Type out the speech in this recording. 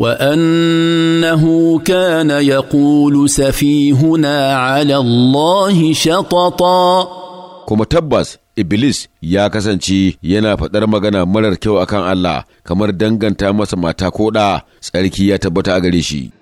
وانه كان يقول سفيهنا على الله شططا kuma tabbas Iblis ya kasance yana faɗar magana marar kyau akan Allah kamar danganta masa mata ko ɗa tsarki ya tabbata a gare shi.